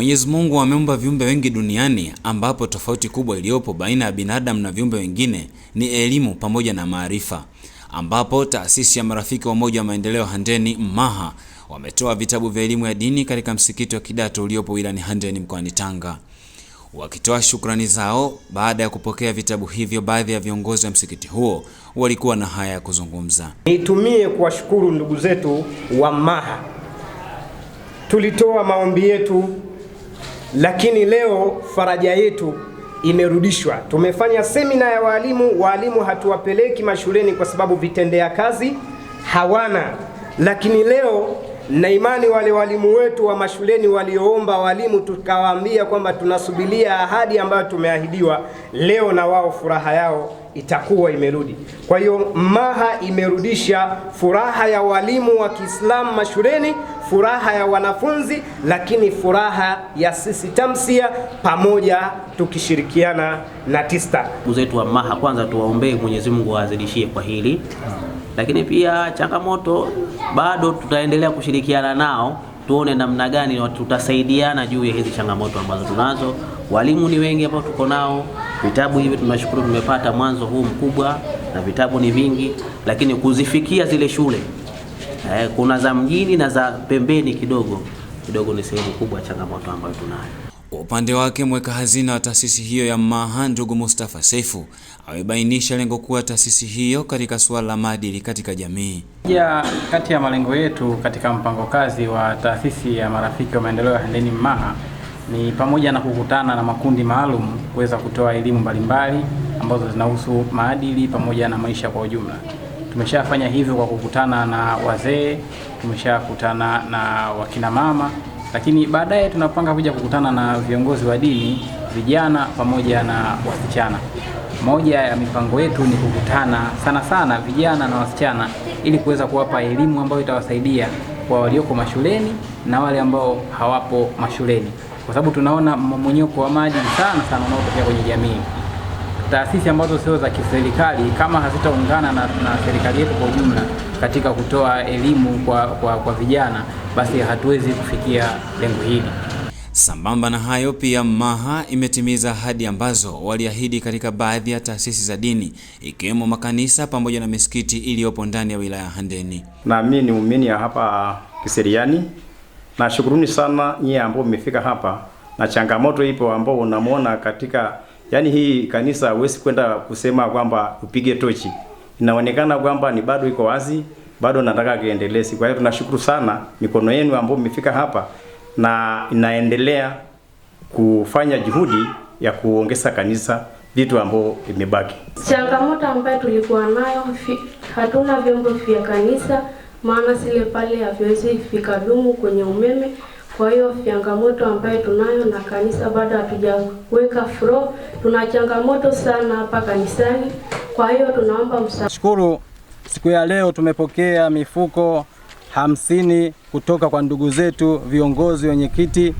Mwenyezi Mungu ameumba viumbe wengi duniani ambapo tofauti kubwa iliyopo baina ya binadamu na viumbe wengine ni elimu pamoja na maarifa, ambapo taasisi ya marafiki wa Umoja wa Maendeleo Handeni Mmaha wametoa vitabu vya elimu ya dini katika msikiti wa kidato uliopo wilani Handeni mkoani Tanga. Wakitoa shukrani zao baada ya kupokea vitabu hivyo, baadhi ya viongozi wa msikiti huo walikuwa na haya ya kuzungumza. Nitumie kuwashukuru ndugu zetu wa Mmaha, tulitoa maombi yetu lakini leo faraja yetu imerudishwa. Tumefanya semina ya walimu, walimu hatuwapeleki mashuleni kwa sababu vitendea kazi hawana, lakini leo na imani wale walimu wetu wa mashuleni walioomba walimu, tukawaambia kwamba tunasubilia ahadi ambayo tumeahidiwa leo, na wao furaha yao itakuwa imerudi. Kwa hiyo Maha imerudisha furaha ya walimu wa Kiislamu mashuleni, furaha ya wanafunzi, lakini furaha ya sisi tamsia pamoja tukishirikiana na Tista zetu wa Maha. Kwanza tuwaombee Mwenyezi Mungu awazidishie kwa hili lakini pia changamoto bado tutaendelea kushirikiana nao tuone namna gani tutasaidiana juu ya hizi changamoto ambazo tunazo. Walimu ni wengi ambao tuko nao, vitabu hivi tunashukuru tumepata mwanzo huu mkubwa, na vitabu ni vingi, lakini kuzifikia zile shule eh, kuna za mjini na za pembeni kidogo kidogo, ni sehemu kubwa changamoto ambayo tunayo. Kwa upande wake mweka hazina wa taasisi hiyo ya Maha ndugu Mustafa Seifu amebainisha lengo kuu la taasisi hiyo katika suala la maadili katika jamii. Ya kati ya malengo yetu katika mpango kazi wa taasisi ya marafiki wa maendeleo ya Handeni Maha ni pamoja na kukutana na makundi maalum kuweza kutoa elimu mbalimbali ambazo zinahusu maadili pamoja na maisha kwa ujumla. Tumeshafanya hivyo kwa kukutana na wazee, tumeshakutana na wakina mama lakini baadaye tunapanga kuja kukutana na viongozi wa dini, vijana pamoja na wasichana. Moja ya mipango yetu ni kukutana sana sana vijana na wasichana ili kuweza kuwapa elimu ambayo itawasaidia kwa walioko mashuleni na wale ambao hawapo mashuleni, kwa sababu tunaona mmomonyoko wa maji sana sana unaotokea kwenye jamii. Taasisi ambazo sio za kiserikali kama hazitaungana na, na serikali yetu kwa ujumla katika kutoa elimu kwa, kwa, kwa vijana basi hatuwezi kufikia lengo hili. Sambamba na hayo, pia Maha imetimiza ahadi ambazo waliahidi katika baadhi ya taasisi za dini ikiwemo makanisa pamoja na misikiti iliyopo ndani ya wilaya Handeni. Na mimi ni muumini ya hapa Kiseriani, na shukuruni sana nyie ambao mmefika hapa, na changamoto ipo ambao unamwona katika yani hii kanisa, huwezi kwenda kusema kwamba upige tochi, inaonekana kwamba ni bado iko wazi bado nataka kiendelee. Kwa hiyo tunashukuru sana mikono yenu ambayo mmefika hapa na inaendelea kufanya juhudi ya kuongeza kanisa vitu ambavyo imebaki. Changamoto ambayo tulikuwa nayo, hatuna vyombo vya kanisa, maana zile pale haviwezi vikadumu kwenye umeme. Kwa hiyo changamoto ambayo tunayo na kanisa bado hatujaweka floor, tuna changamoto sana hapa kanisani. Kwa hiyo tunaomba msaada. Shukuru Siku ya leo tumepokea mifuko hamsini kutoka kwa ndugu zetu viongozi, wenyekiti.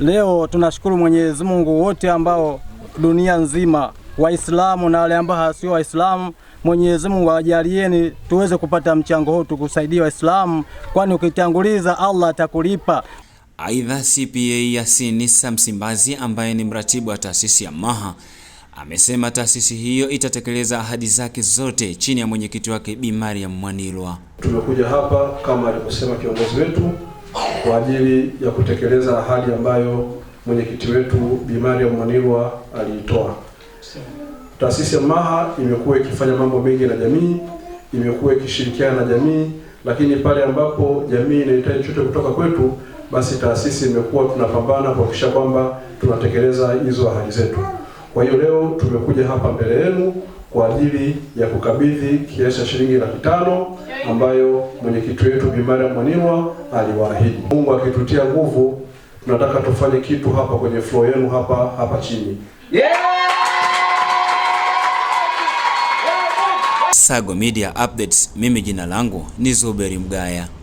Leo tunashukuru Mwenyezi Mungu wote ambao dunia nzima Waislamu na wale ambao hasio Waislamu, Mwenyezi Mungu awajalieni tuweze kupata mchango huu tukusaidia Waislamu, kwani ukitanguliza Allah atakulipa. Aidha, CPA Yasini Msimbazi ambaye ni mratibu wa taasisi ya Maha amesema taasisi hiyo itatekeleza ahadi zake zote chini ya mwenyekiti wake Bi Mariam Mwanilwa. Tumekuja hapa kama alivyosema kiongozi wetu kwa ajili ya kutekeleza ahadi ambayo mwenyekiti wetu Bi Mariam Mwanilwa aliitoa. Taasisi ya Maha imekuwa ikifanya mambo mengi na jamii, imekuwa ikishirikiana na jamii, lakini pale ambapo jamii inahitaji chochote kutoka kwetu, basi taasisi imekuwa tunapambana kuhakikisha kwamba tunatekeleza hizo ahadi zetu. Kwa hiyo leo tumekuja hapa mbele yenu kwa ajili ya kukabidhi kiasi cha shilingi laki tano ambayo mwenyekiti wetu Bi Mariam Mwaniwa aliwaahidi. Mungu akitutia nguvu, tunataka tufanye kitu hapa kwenye floor yenu hapa hapa chini yeah! Sago Media Updates, mimi jina langu ni Zuberi Mgaya.